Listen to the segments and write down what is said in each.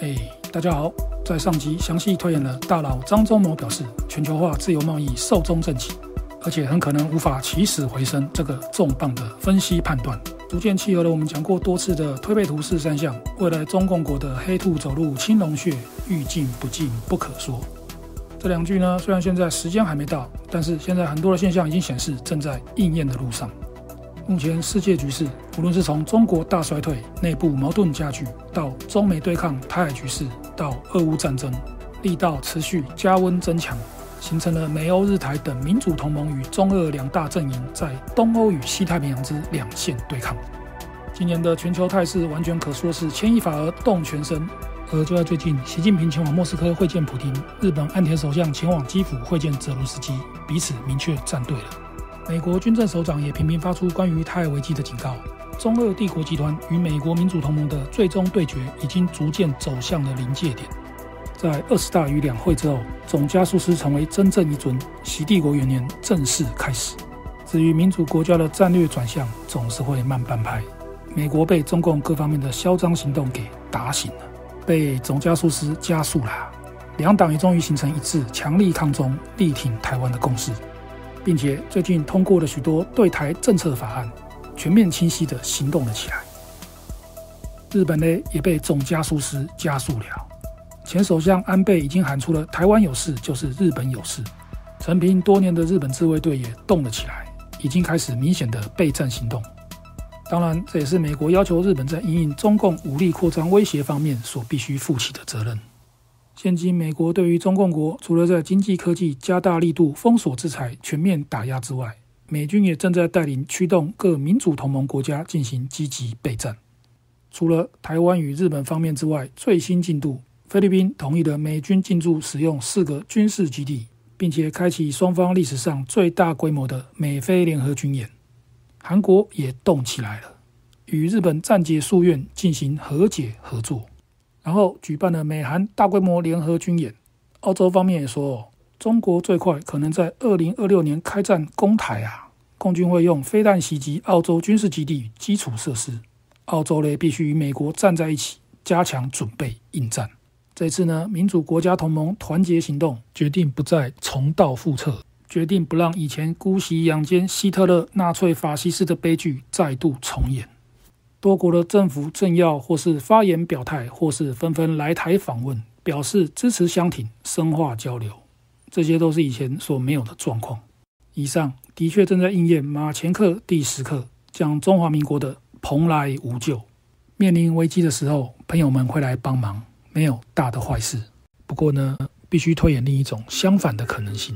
哎，hey, 大家好，在上集詳細推演了大佬張忠謀表示，全球化自由貿易壽終正寢，而且很可能無法起死回生這個重磅的分析判斷，逐漸契合了我們講過多次的推背圖四十三象，未來中共國的黑兔走入青龍穴，欲盡，不盡不可說。這兩句呢，雖然現在時間還沒到，但是現在很多的現象已經顯示正在應驗的路上。目前世界局勢，無論是從中國大衰退、內部矛盾加劇，到中美對抗、台海局勢，到俄烏戰爭，力道持續加溫增強，形成了美歐日台等民主同盟與中俄兩大陣營在東歐與西太平洋之兩線對抗。今年的全球態勢完全可說是牽一髮而動全身。而就在最近，習近平前往莫斯科會見普京，日本岸田首相前往基輔會見澤連斯基，彼此明確站隊了。美國軍政首長也頻頻發出關於台海危機的警告。中俄帝國集團與美國民主同盟的最終對決已經逐漸走向了臨界點。在二十大與兩會之後，總加速師成為真正一尊，習帝國元年正式開始。至於民主國家的戰略轉向，總是會慢半拍。美國被中共各方面的囂張行動給打醒了，被總加速師加速了。兩黨也終於形成一致，強力抗中，力挺台灣的共識。並且最近通過了許多對台政策法案，全面清晰地行動了起來。日本呢，也被總加速師加速了。前首相安倍已經喊出了“台灣有事就是日本有事”。承平多年的日本自衛隊也動了起來，已經開始明顯的備戰行動。當然，這也是美國要求日本在因應中共武力擴張威脅方面所必須負起的責任。現今，美國對於中共國，除了在經濟科技加大力度封鎖制裁、全面打壓之外，美軍也正在帶領驅動各民主同盟國家進行積極備戰。除了台灣與日本方面之外，最新進度，菲律賓同意了美軍進駐使用四個軍事基地，並且開啟雙方歷史上最大規模的美菲聯合軍演。韓國也動起來了，與日本暫結夙怨，進行和解合作。然後舉辦了美韓大規模聯合軍演，澳洲方面也說，中國最快可能在二零二六年開戰攻台啊，共軍會用飛彈襲擊澳洲軍事基地與基礎設施，澳洲呢必須與美國站在一起，加強準備應戰。這次呢民主國家同盟團結行動決定不再重蹈覆轍，決定不讓以前姑息養奸希特勒納粹法西斯的悲劇再度重演。多國的政府政要，或是發言表態，或是紛紛來台訪問，表示支持相挺，深化交流，這些都是以前所沒有的狀況。以上的確正在應驗馬前課第十課講中華民國的蓬萊無咎，面臨危機的時候，朋友們會來幫忙，沒有大的壞事。不過呢，必須推演另一種相反的可能性：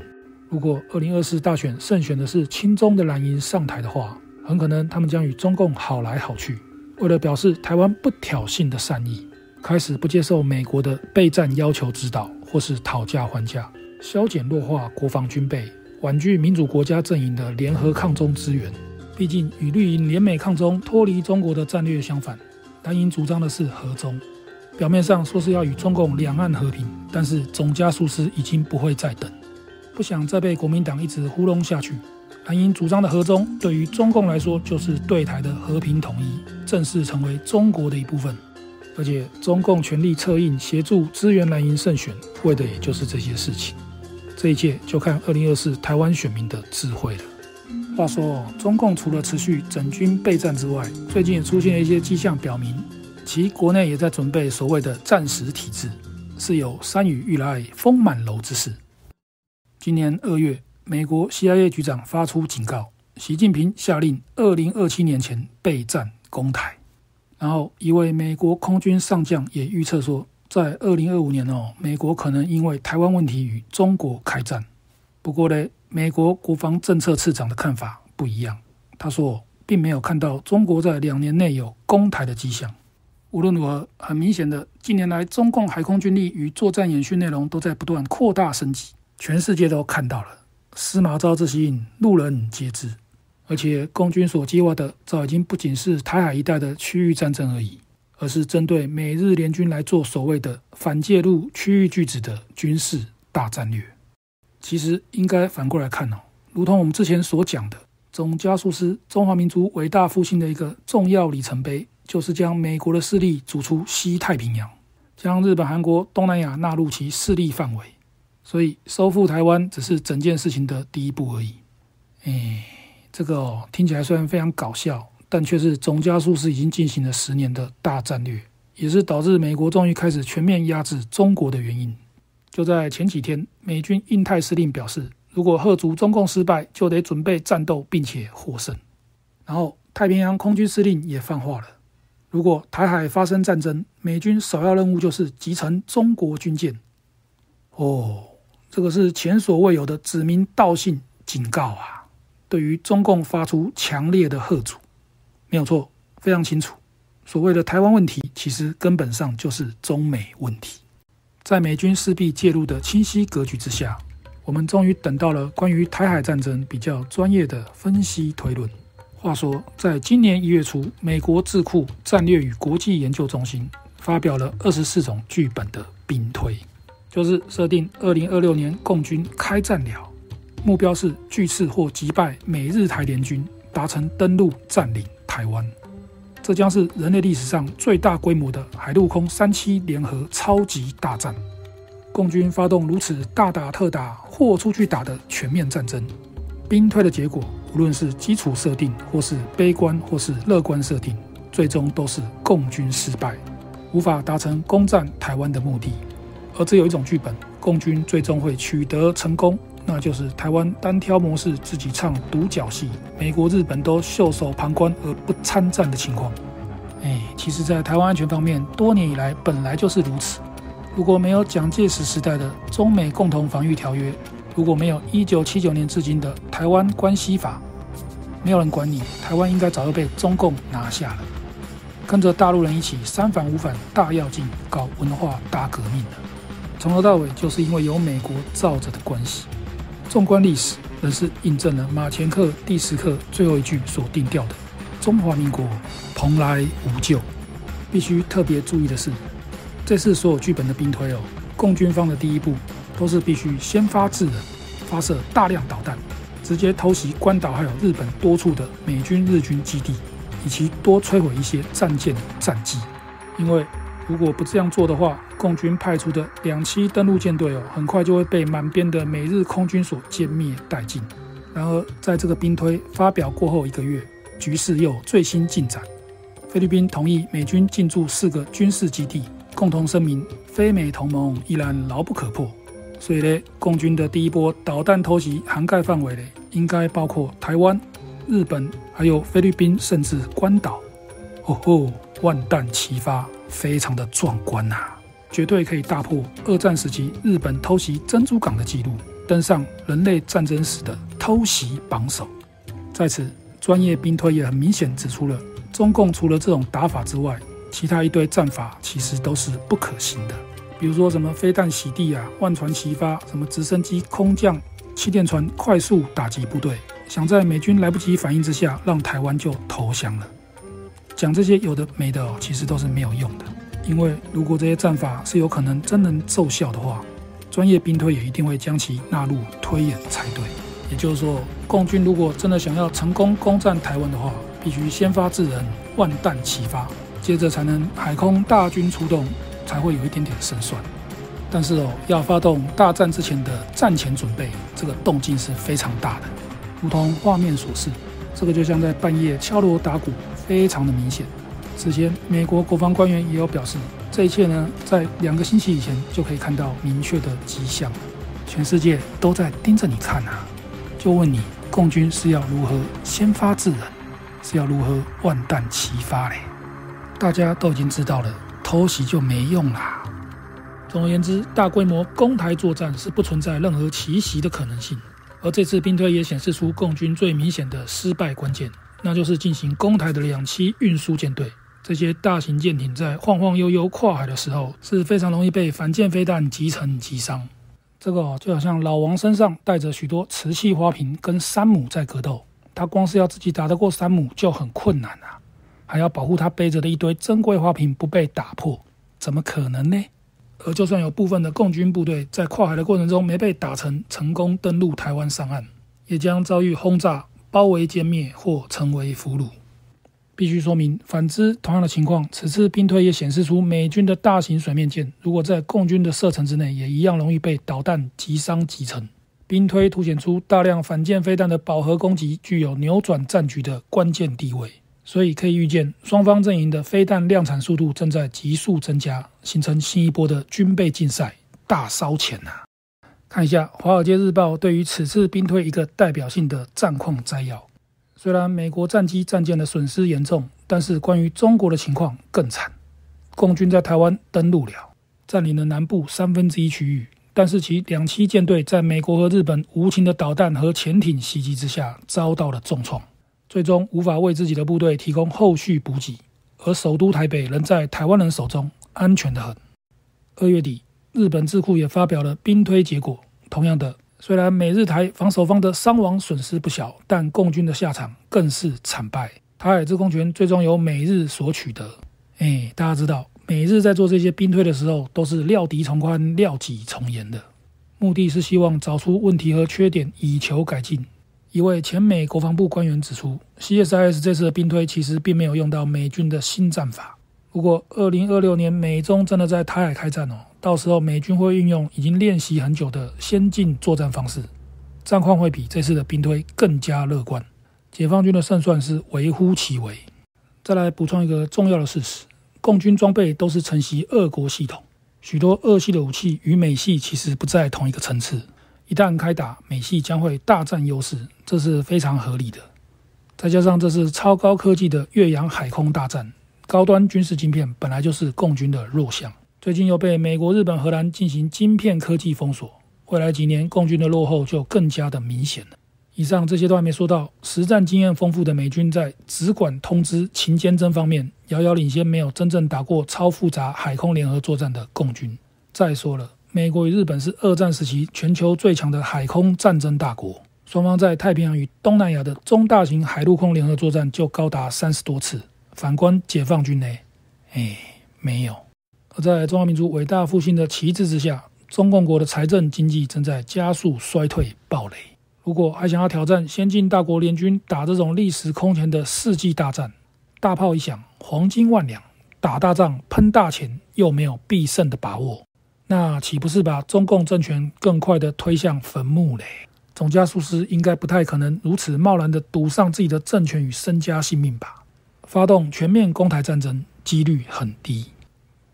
如果二零二四大選勝選的是親中的藍營上台的話，很可能他們將與中共好來好去。為了表示台灣不挑釁的善意，開始不接受美國的備戰要求指導，或是討價還價，削減弱化國防軍備，婉拒民主國家陣營的聯合抗中資源。畢竟與綠營聯美抗中、脫離中國的戰略相反，藍營主張的是和中。表面上說是要與中共兩岸和平，但是總加速師已經不會再等，不想再被國民黨一直糊弄下去。藍營主張的和中，對於中共來說就是對台的和平統一。正式成為中國的一部分，而且中共全力策應、協助、支援藍營勝選，為的也就是這些事情。這一切就看二零二四台灣選民的智慧了。話說哦，中共除了持續整軍備戰之外，最近也出現了一些跡象，表明其國內也在準備所謂的戰時體制，是有“山雨欲來風滿樓”之勢。今年二月，美國 CIA 局長發出警告，習近平下令二零二七年前備戰。攻台，然後一位美國空軍上將也預測說，在二零二五年哦，美國可能因為台灣問題與中國開戰。不過呢，美國國防政策次長的看法不一樣，他說並沒有看到中國在兩年內有攻台的跡象。無論如何，很明顯的，近年來中共海空軍力與作戰演訓內容都在不斷擴大升級，全世界都看到了，司馬昭之心，路人皆知。而且，共軍所計劃的早已經不僅是台海一帶的區域戰爭而已，而是針對美日聯軍來做所謂的反介入區域拒止的軍事大戰略。其實，應該反過來看哦。如同我們之前所講的，總加速師中華民族偉大復興的一個重要里程碑，就是將美國的勢力逐出西太平洋，將日本、韓國、東南亞納入其勢力範圍。所以，收復台灣只是整件事情的第一步而已。哎這個聽起來雖然非常搞笑，但卻是總加速師已經進行了十年的大戰略，也是導致美國終於開始全面壓制中國的原因。就在前幾天，美軍印太司令表示，如果嚇阻中共失敗，就得準備戰鬥並且獲勝。然後，太平洋空軍司令也放話了，如果台海發生戰爭，美軍首要任務就是擊沉中國軍艦。哦，這個是前所未有的指名道姓警告啊！對於中共發出強烈的嚇阻，沒有錯，非常清楚。所謂的台灣問題，其實根本上就是中美問題。在美軍勢必介入的清晰格局之下，我們終於等到了關於台海戰爭比較專業的分析推論。話說，在今年一月初，美國智庫戰略與國際研究中心發表了二十四種劇本的兵推，就是設定二零二六年共軍開戰了。目標是拒斥或擊敗美日台聯軍，達成登陸佔領台灣。這將是人類歷史上最大規模的海陸空三棲聯合超級大戰。共軍發動如此大打特打或出去打的全面戰爭，兵推的結果，無論是基礎設定，或是悲觀，或是樂觀設定，最終都是共軍失敗，無法達成攻占台灣的目的。而只有一種劇本，共軍最終會取得成功。那就是台灣單挑模式，自己唱獨角戲，美國、日本都袖手旁觀而不參戰的情況。哎、欸，其實，在台灣安全方面，多年以來本來就是如此。如果沒有蔣介石時代的中美共同防禦條約，如果沒有1979年至今的台灣關係法，沒有人管你，台灣應該早就被中共拿下了，跟着大陸人一起三反五反大躍進搞文化大革命了。從頭到尾就是因為有美國罩着的關係。縱觀歷史，而是印證了馬前課第十課最後一句所定調的“中華民國蓬萊無救”。必須特別注意的是，這次所有劇本的兵推哦，共軍方的第一步都是必須先發制人，發射大量導彈，直接偷襲關島還有日本多處的美軍日軍基地，以及多摧毀一些戰艦戰機。因為如果不這樣做的話，共軍派出的兩棲登陸艦隊哦，很快就會被滿編的美日空軍所殲滅殆盡。然而，在這個兵推發表過後一個月，局勢又有最新進展。菲律賓同意美軍進駐四個軍事基地，共同聲明，非美同盟依然牢不可破。所以呢，共軍的第一波導彈偷襲涵蓋範圍呢，應該包括台灣、日本，還有菲律賓，甚至關島。哦吼，萬彈齊發，非常的壯觀呐、啊！絕對可以大破二戰時期日本偷襲珍珠港的記錄，登上人類戰爭史的偷襲榜首。在此，專業兵推也很明顯指出了，中共除了這種打法之外，其他一堆戰法其實都是不可行的。比如說什麼飛彈洗地啊，萬船齊發，什麼直升機空降、氣墊船快速打擊部隊，想在美軍來不及反應之下讓台灣就投降了。講這些有的沒的哦，其實都是沒有用的。因為如果這些戰法是有可能真能奏效的話，專業兵推也一定會將其納入推演才對。也就是說，共軍如果真的想要成功攻占台灣的話，必須先發制人，萬彈齊發，接着才能海空大軍出動，才會有一點點勝算。但是哦，要發動大戰之前的戰前準備，這個動靜是非常大的，如同畫面所示，這個就像在半夜敲鑼打鼓，非常的明顯。此前，美國國防官員也有表示，這一切呢，在兩個星期以前就可以看到明確的跡象了。全世界都在盯着你看啊，就問你，共軍是要如何先發制人，是要如何萬彈齊發嘞？大家都已經知道了，偷襲就沒用啦。總而言之，大規模攻台作戰是不存在任何奇襲的可能性。而這次兵推也顯示出共軍最明顯的失敗關鍵，那就是進行攻台的兩棲運輸艦隊。這些大型艦艇在晃晃悠悠跨海的時候，是非常容易被反艦飛彈擊沉擊傷。這個、啊、就好像老王身上帶着許多瓷器花瓶，跟山姆在格鬥，他光是要自己打得過山姆就很困難啊，還要保護他背着的一堆珍貴花瓶不被打破，怎麼可能呢？而就算有部分的共軍部隊在跨海的過程中沒被打沉，成功登陸台灣上岸，也將遭遇轟炸、包圍殲滅或成為俘虜。必須說明，反之同樣的情況，此次兵推也顯示出美軍的大型水面艦，如果在共軍的射程之內，也一樣容易被導彈擊傷擊沉。兵推凸顯出大量反艦飛彈的飽和攻擊具有扭轉戰局的關鍵地位，所以可以預見，雙方陣營的飛彈量產速度正在急速增加，形成新一波的軍備競賽，大燒錢吶、啊。看一下《華爾街日報》對於此次兵推一個代表性的戰況摘要。雖然美國戰機、戰艦的損失嚴重，但是關於中國的情況更慘。共軍在台灣登陸了，佔領了南部三分之一區域，但是其兩棲艦隊在美國和日本無情的導彈和潛艇襲擊之下遭到了重創，最終無法為自己的部隊提供後續補給。而首都台北仍在台灣人手中，安全得很。二月底，日本智庫也發表了兵推結果，同樣的。雖然美日台防守方的傷亡損失不小，但共軍的下場更是慘敗。台海制空權最終由美日所取得。哎，大家知道，美日在做這些兵推的時候，都是料敵從寬，料己從嚴的，目的是希望找出問題和缺點，以求改進。一位前美國防部官員指出，CSIS 這次的兵推其實並沒有用到美軍的新戰法。不過，2026年美中真的在台海開戰哦。到時候美軍會運用已經練習很久的先進作戰方式，戰況會比這次的兵推更加樂觀。解放軍的勝算是微乎其微。再來補充一個重要的事實：共軍裝備都是承襲俄國系統，許多俄系的武器與美系其實不在同一個層次。一旦開打，美系將會大佔優勢，這是非常合理的。再加上這是超高科技的遠洋海空大戰，高端軍事芯片本來就是共軍的弱項。最近又被美國、日本、荷蘭進行晶片科技封鎖，未來幾年，共軍的落後就更加的明顯了。以上這些都還沒說到，實戰經驗豐富的美軍在指管通資、情監偵方面，遙遙領先，沒有真正打過超複雜海空聯合作戰的共軍。再說了，美國與日本是二戰時期全球最強的海空戰爭大國，雙方在太平洋與東南亞的中大型海陸空聯合作戰就高達三十多次。反觀解放軍呢？哎，沒有。而在中華民族偉大復興的旗幟之下，中共國的財政經濟正在加速衰退暴雷。如果還想要挑戰先進大國聯軍，打這種歷史空前的世紀大戰，大炮一響，黃金萬兩；打大仗噴大錢，又沒有必勝的把握，那豈不是把中共政權更快的推向墳墓嘞？總加速師應該不太可能如此貿然的賭上自己的政權與身家性命吧？發動全面攻台戰爭，幾率很低。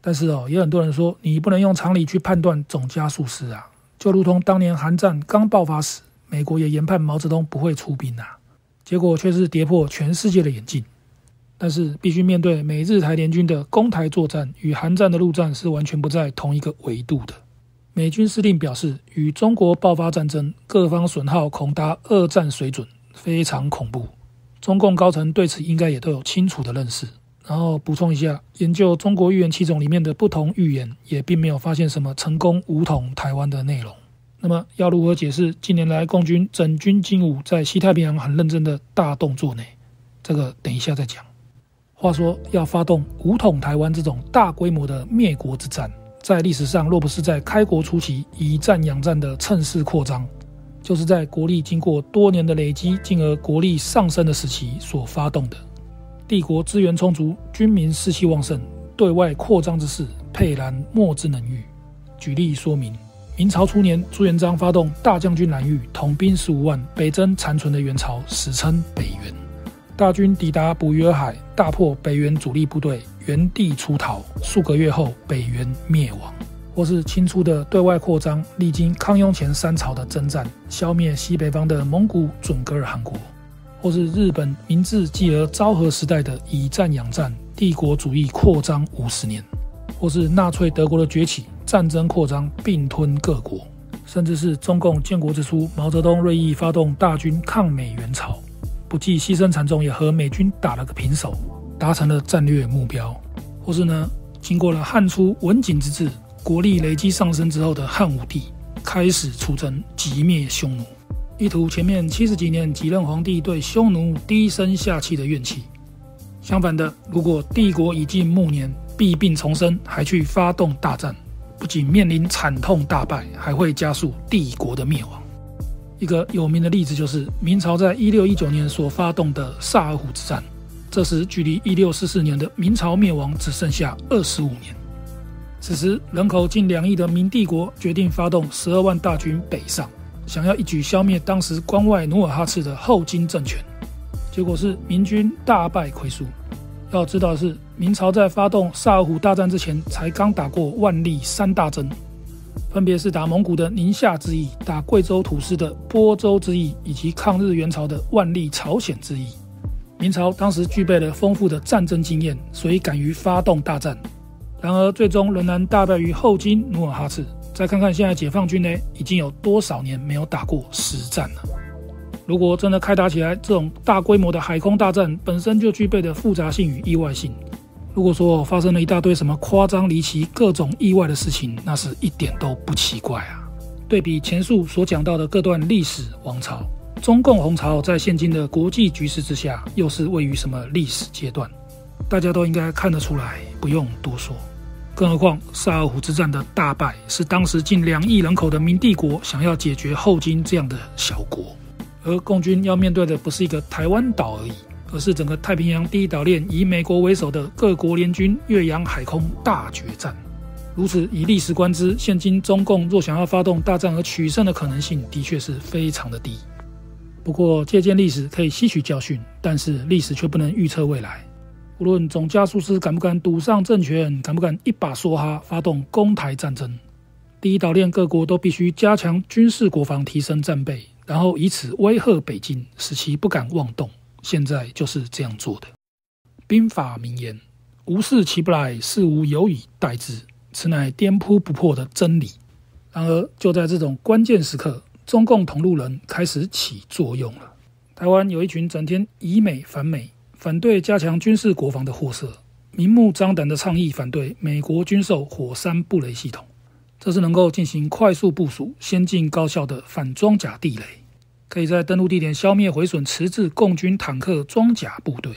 但是哦，也有很多人說你不能用常理去判斷總加速師啊，就如同當年韓戰剛爆發時，美國也研判毛澤東不會出兵啊，結果卻是跌破全世界的眼鏡。但是必須面對美日台聯軍的攻台作戰與韓戰的陸戰是完全不在同一個維度的。美軍司令表示，與中國爆發戰爭，各方損耗恐達二戰水準，非常恐怖。中共高層對此應該也都有清楚的認識。然後補充一下，研究中國預言七種裡面的不同預言，也並沒有發現什麼成功武統台灣的內容。那麼要如何解釋近年來共軍整軍經武，在西太平洋很認真的大動作呢？這個等一下再講。話說，要發動武統台灣這種大規模的滅國之戰，在歷史上若不是在開國初期以戰養戰的趁勢擴張，就是在國力經過多年的累積，進而國力上升的時期所發動的。帝國資源充足，軍民士氣旺盛，對外擴張之勢沛然莫之能御。舉例說明：明朝初年，朱元璋發動大將軍藍玉統兵十五萬北征殘存的元朝，史稱北元。大軍抵達捕魚兒海，大破北元主力部隊，原地出逃。數個月後，北元滅亡。或是清初的對外擴張，歷經康雍乾三朝的征戰，消滅西北方的蒙古准噶爾汗國。或是日本明治繼而昭和時代的以戰養戰、帝國主義擴張五十年，或是納粹德國的崛起、戰爭擴張、併吞各國，甚至是中共建國之初，毛澤東銳意發動大軍抗美援朝，不計犧牲慘重，也和美軍打了個平手，達成了戰略目標。或是呢，經過了漢初文景之治，國力累積上升之後的漢武帝，開始出征，擊滅匈奴。意圖前面七十幾年幾任皇帝對匈奴低聲下氣的怨氣。相反的，如果帝國已近暮年，弊病叢生，還去發動大戰，不僅面臨慘痛大敗，還會加速帝國的滅亡。一個有名的例子就是明朝在1619年所發動的薩爾滸之戰。這時距離1644年的明朝滅亡只剩下二十五年。此時人口近兩億的明帝國決定發動十二萬大軍北上。想要一舉消滅當時關外努爾哈赤的後金政權，結果是明軍大敗虧輸。要知道的是，明朝在發動薩爾滸大戰之前，才剛打過萬曆三大征，分別是打蒙古的寧夏之役、打貴州土司的播州之役以及抗日援朝的萬曆朝鮮之役。明朝當時具備了豐富的戰爭經驗，所以敢於發動大戰，然而最終仍然大敗於後金努爾哈赤。再看看現在解放軍呢，已經有多少年沒有打過實戰了？如果真的開打起來，這種大規模的海空大戰本身就具備的複雜性與意外性，如果說發生了一大堆什麼誇張離奇、各種意外的事情，那是一點都不奇怪啊！對比前述所講到的各段歷史王朝，中共紅朝在現今的國際局勢之下，又是位於什麼歷史階段？大家都應該看得出來，不用多說。更何況，薩爾滸之戰的大敗是當時近兩億人口的明帝國想要解決後金這樣的小國，而共軍要面對的不是一個台灣島而已，而是整個太平洋第一島鏈以美國為首的各國聯軍越洋海空大決戰。如此以歷史觀之，現今中共若想要發動大戰而取勝的可能性，的確是非常的低。不過，借鑑歷史可以吸取教訓，但是歷史卻不能預測未來。無論總加速師敢不敢賭上政權，敢不敢一把梭哈發動攻台戰爭，第一島鏈各國都必須加強軍事國防，提升戰備，然後以此威嚇北京，使其不敢妄動。現在就是這樣做的。兵法名言：“無事其不來，事無有以待之。”此乃顛撲不破的真理。然而，就在這種關鍵時刻，中共同路人開始起作用了。台灣有一群整天以美反美。反對加強軍事國防的貨色，明目張膽的倡議反對美國軍售火山布雷系統。這是能夠進行快速部署、先進高效的反裝甲地雷，可以在登陸地點消滅、毀損遲滯共軍坦克裝甲部隊。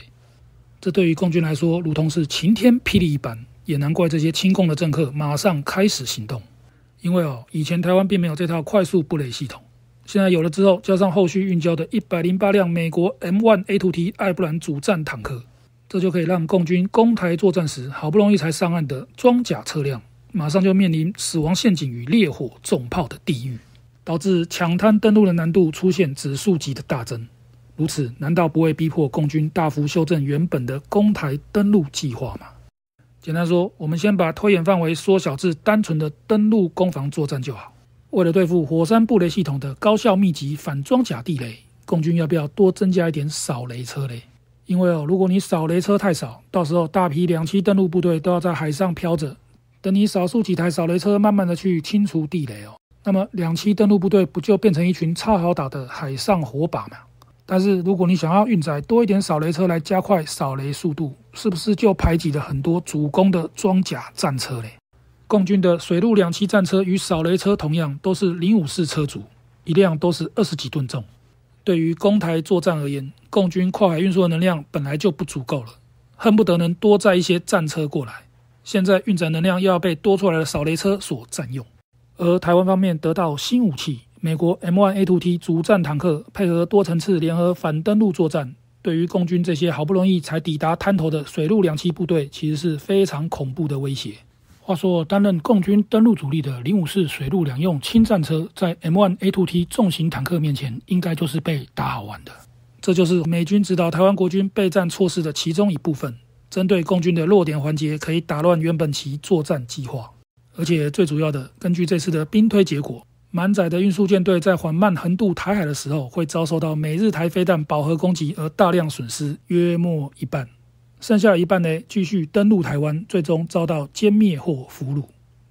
這對於共軍來說，如同是晴天霹靂一般，也難怪這些親共的政客馬上開始行動。因為哦，以前台灣並沒有這套快速布雷系統。現在有了之後，加上後續運交的一百零八輛美國 M1A2T 艾布蘭主戰坦克，這就可以讓共軍攻台作戰時，好不容易才上岸的裝甲車輛，馬上就面臨死亡陷阱與烈火重炮的地獄，導致搶灘登陸的難度出現指數級的大增。如此，難道不會逼迫共軍大幅修正原本的攻台登陸計劃嗎？簡單說，我們先把推演範圍縮小至單純的登陸攻防作戰就好。為了對付火山布雷系統的高效密集反裝甲地雷，共軍要不要多增加一點掃雷車嘞？因為哦，如果你掃雷車太少，到時候大批兩棲登陸部隊都要在海上漂着，等你少數幾台掃雷車慢慢地去清除地雷哦，那麼兩棲登陸部隊不就變成一群超好打的海上火把嗎？但是如果你想要運載多一點掃雷車來加快掃雷速度，是不是就排擠了很多主攻的裝甲戰車嘞？共軍的水陸兩棲戰車與掃雷車同樣都是零五式車族，一輛都是二十幾噸重。對於攻台作戰而言，共軍跨海運輸的能量本來就不足夠了，恨不得能多載一些戰車過來。現在運載能量又要被多出來的掃雷車所占用。而台灣方面得到新武器，美國 M1A2T 主戰坦克配合多層次聯合反登陸作戰，對於共軍這些好不容易才抵達灘頭的水陸兩棲部隊，其實是非常恐怖的威脅。話說，擔任共軍登陸主力的零五式水陸兩用輕戰車，在 M1A2T 重型坦克面前，應該就是被打好玩的。這就是美軍指導台灣國軍備戰措施的其中一部分，針對共軍的弱點環節，可以打亂原本其作戰計劃。而且最主要的，根據這次的兵推結果，滿載的運輸艦隊在緩慢橫渡台海的時候，會遭受到美日台飛彈飽和攻擊而大量損失，約莫一半。剩下一半呢，繼續登陸台灣，最終遭到殲滅或俘虜。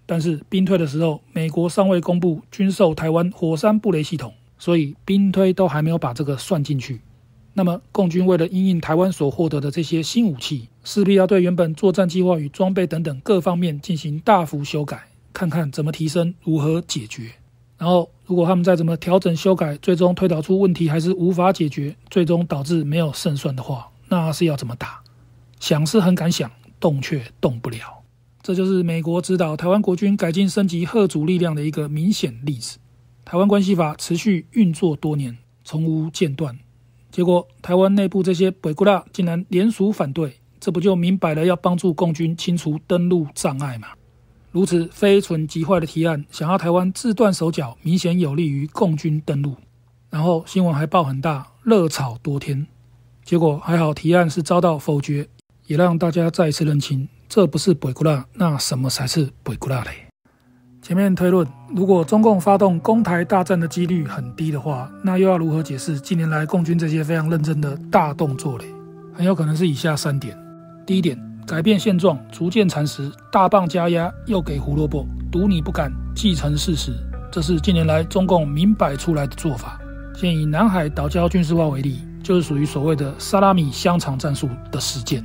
但是兵推的時候，美國尚未公布軍售台灣火山布雷系統，所以兵推都還沒有把這個算進去。那麼，共軍為了因應台灣所獲得的這些新武器，勢必要對原本作戰計劃與裝備等等各方面進行大幅修改，看看怎麼提升，如何解決。然後，如果他們再怎麼調整修改，最終推導出問題還是無法解決，最終導致沒有勝算的話，那是要怎麼打？想是很敢想，動卻動不了，這就是美國指導台灣國軍改進升級嚇阻力量的一個明顯例子。台灣關係法持續運作多年，從無間斷。結果台灣內部這些北姑大竟然連署反對，這不就明擺了要幫助共軍清除登陸障礙嗎？如此非蠢即壞的提案，想要台灣自斷手腳，明顯有利於共軍登陸。然後新聞還報很大，熱炒多天，結果還好，提案是遭到否決。也讓大家再一次認清，這不是北固拉，那什麼才是北固拉嘞？前面推論，如果中共發動攻台大戰的幾率很低的話，那又要如何解釋近年來共軍這些非常認真的大動作嘞？很有可能是以下三點：第一點，改變現狀，逐漸蠶食，大棒加壓又給胡蘿蔔，賭你不敢既成事實，這是近年來中共明擺出來的做法。現以南海島礁軍事化為例，就是屬於所謂的“薩拉米香腸”戰術的實踐。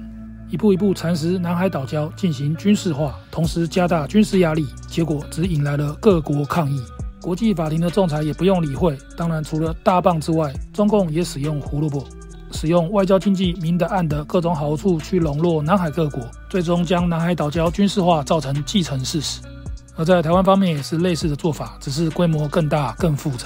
一步一步蠶食南海島礁進行軍事化，同時加大軍事壓力，結果只引來了各國抗議。國際法庭的仲裁也不用理會。當然，除了大棒之外，中共也使用胡蘿蔔，使用外交經濟明的暗的各種好處去籠絡南海各國，最終將南海島礁軍事化，造成既成事實。而在台灣方面也是類似的做法，只是規模更大、更複雜。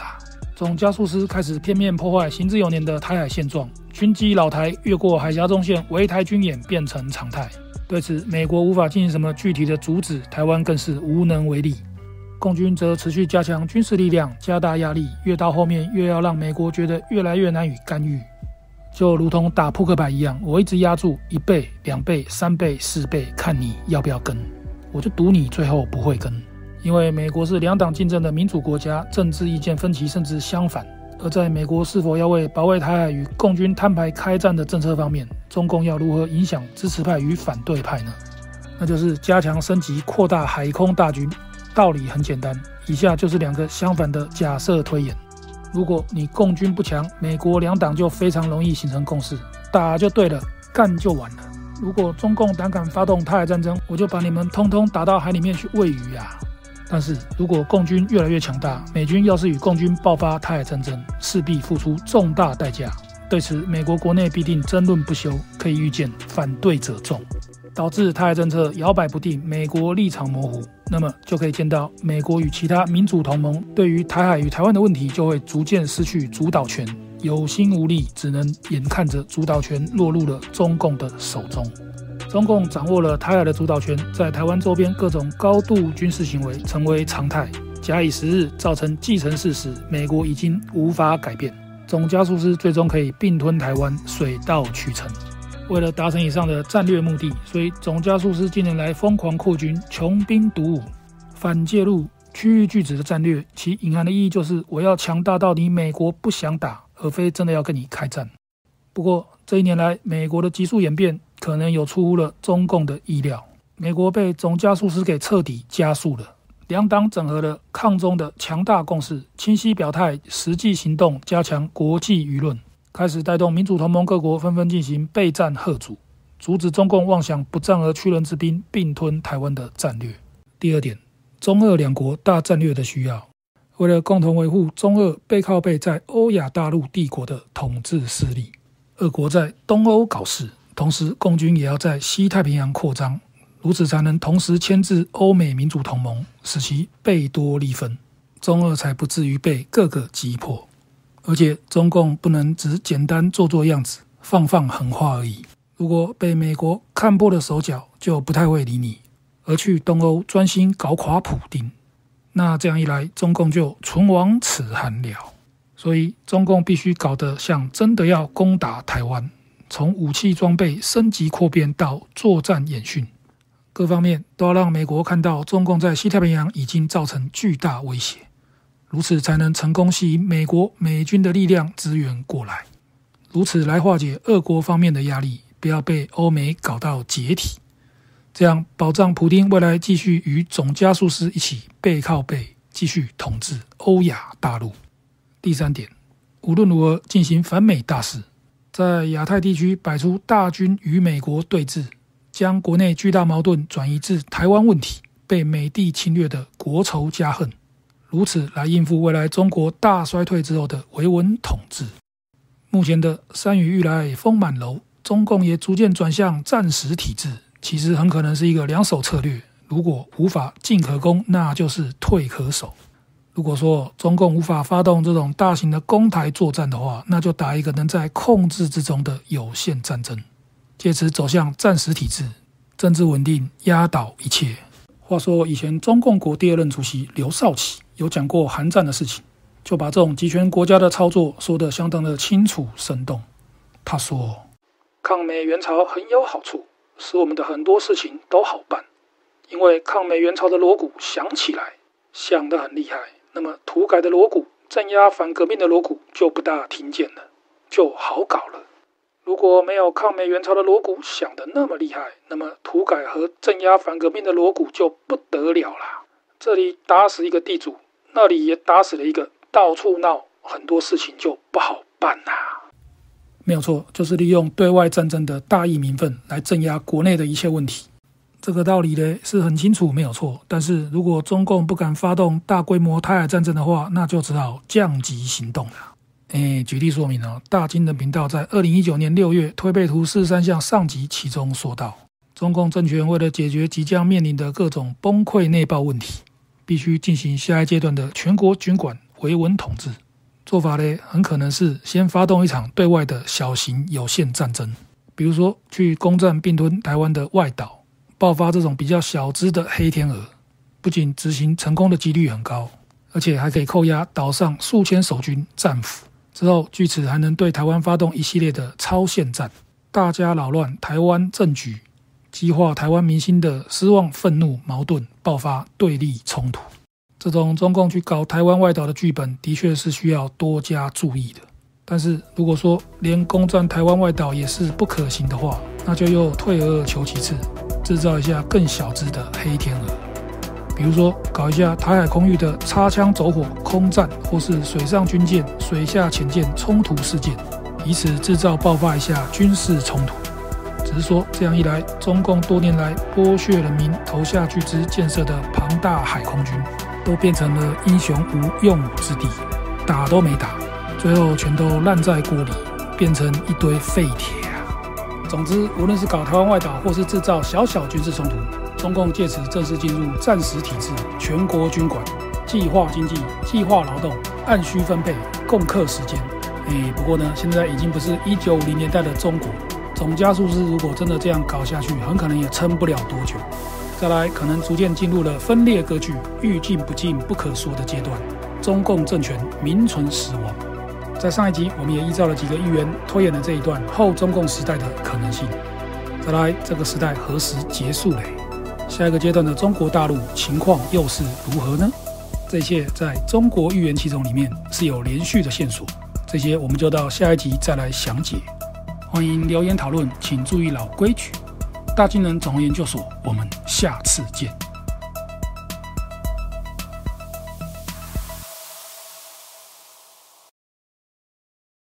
總加速師開始，片面破壞行之有年的台海現狀。軍機老台越過海峽中線，圍台軍演變成常態。對此，美國無法進行什麼具體的阻止，台灣更是無能為力。共軍則持續加強軍事力量，加大壓力，越到後面越要讓美國覺得越來越難以干預。就如同打撲克牌一樣，我一直壓住一倍、兩倍、三倍、四倍，看你要不要跟。我就賭你最後不會跟，因為美國是兩黨競爭的民主國家，政治意見分歧甚至相反。而在美國是否要為保衛台海與共軍攤牌開戰的政策方面，中共要如何影響支持派與反對派呢？那就是加強升級、擴大海空大軍。道理很簡單，以下就是兩個相反的假設推演：如果你共軍不強，美國兩黨就非常容易形成共識，打就對了，幹就完了。如果中共膽敢發動台海戰爭，我就把你們通通打到海裡面去餵魚啊！但是如果共軍越來越強大，美軍要是與共軍爆發台海戰爭，勢必付出重大代價。對此，美國國內必定爭論不休，可以預見反對者眾，導致台海政策搖擺不定，美國立場模糊。那麼就可以見到，美國與其他民主同盟對於台海與台灣的問題，就會逐漸失去主導權，有心無力，只能眼看着主導權落入了中共的手中。中共掌握了台海的主導權，在台灣周邊各種高度軍事行為成為常態。假以時日，造成既成事實，美國已經無法改變。總加速師最終可以併吞台灣，水到渠成。為了達成以上的戰略目的，所以總加速師近年來瘋狂擴軍，窮兵黷武，反介入、區域拒止的戰略，其隱含的意義就是我要強大到你美國不想打，而非真的要跟你開戰。不過這一年來，美國的急速演變。可能有出乎了中共的意料，美國被總加速師給徹底加速了。兩黨整合了抗中的強大共識，清晰表態，實際行動，加強國際輿論，開始帶動民主同盟各國紛紛進行備戰嚇阻，阻止中共妄想不戰而屈人之兵併吞台灣的戰略。第二點，中俄兩國大戰略的需要，為了共同維護中俄背靠背在歐亞大陸帝國的統治勢力，俄國在東歐搞事。同時，共軍也要在西太平洋擴張，如此才能同時牽制歐美民主同盟，使其備多力分，中俄才不至於被各個擊破。而且，中共不能只簡單做做樣子，放放狠話而已。如果被美國看破了手腳，就不太會理你，而去東歐專心搞垮普丁。那這樣一來，中共就唇亡齒寒了。所以，中共必須搞得像真的要攻打台灣。從武器裝備升級、擴編到作戰演訓，各方面都要讓美國看到中共在西太平洋已經造成巨大威脅，如此才能成功吸引美國美軍的力量支援過來，如此來化解俄國方面的壓力，不要被歐美搞到解體，這樣保障普丁未來繼續與總加速師一起背靠背繼續統治歐亞大陸。第三點，無論如何進行反美大事在亞太地區擺出大軍與美國對峙，將國內巨大矛盾轉移至台灣問題，被美帝侵略的國仇家恨，如此來應付未來中國大衰退之後的維穩統治。目前的山雨欲來風滿樓，中共也逐漸轉向戰時體制，其實很可能是一個兩手策略。如果無法進可攻，那就是退可守。如果說中共無法發動這種大型的攻台作戰的話，那就打一個能在控制之中的有限戰爭，借此走向戰時體制，政治穩定壓倒一切。話說以前中共國第二任主席劉少奇有講過韓戰的事情，就把這種極權國家的操作說得相當的清楚生動。他說：“抗美援朝很有好處，使我們的很多事情都好辦，因為抗美援朝的鑼鼓響起來，響得很厲害。”那麼土改的鑼鼓、鎮壓反革命的鑼鼓就不大聽見了，就好搞了。如果沒有抗美援朝的鑼鼓響得那麼厲害，那麼土改和鎮壓反革命的鑼鼓就不得了了。這裡打死一個地主，那裡也打死了一個，到處鬧，很多事情就不好辦啦、啊。沒有錯，就是利用對外戰爭的大義名分來鎮壓國內的一切問題。這個道理嘞，是很清楚，沒有錯。但是如果中共不敢發動大規模台海戰爭的話，那就只好降級行動了。哎，舉例說明啊、哦，大金的頻道在二零一九年六月推背圖四十三象上集其中說道：中共政權為了解決即將面臨的各種崩潰內爆問題，必須進行下一階段的全國軍管維穩統治。做法嘞，很可能是先發動一場對外的小型有限戰爭，比如說去攻占併吞台灣的外島。爆發這種比較小隻的黑天鵝，不僅執行成功的幾率很高，而且還可以扣押島上數千守軍戰俘。之後，據此還能對台灣發動一系列的超限戰，大加擾亂台灣政局，激化台灣民心的失望、憤怒、矛盾，爆發對立衝突。這種中共去搞台灣外島的劇本，的確是需要多加注意的。但是，如果說連攻占台灣外島也是不可行的話，那就又退而而求其次。製造一下更小隻的黑天鵝，比如說搞一下台海空域的擦槍走火空戰，或是水上軍艦、水下潛艦衝突事件，以此製造爆發一下軍事衝突。只是說這樣一來，中共多年來剝削人民、投下巨資建設的龐大海空軍，都變成了英雄無用武之地，打都沒打，最後全都爛在鍋裡，變成一堆廢鐵。總之，無論是搞台灣外島，或是製造小小軍事衝突，中共借此正式進入戰時體制，全國軍管，計劃經濟，計劃勞動，按需分配，共克時艱。哎，不過呢，現在已經不是一九五零年代的中國。總加速師如果真的這樣搞下去，很可能也撐不了多久。再來，可能逐漸進入了分裂割據、欲進不進、不可說的階段，中共政權名存實亡。在上一集，我們也依照了幾個預言，推演了這一段後中共時代的可能性。再來，這個時代何時結束嘞？下一個階段的中國大陸情況又是如何呢？這些在中國預言七種裡面是有連續的線索，這些我們就到下一集再來詳解。歡迎留言討論，請注意老規矩，大金人總研究所，我們下次見。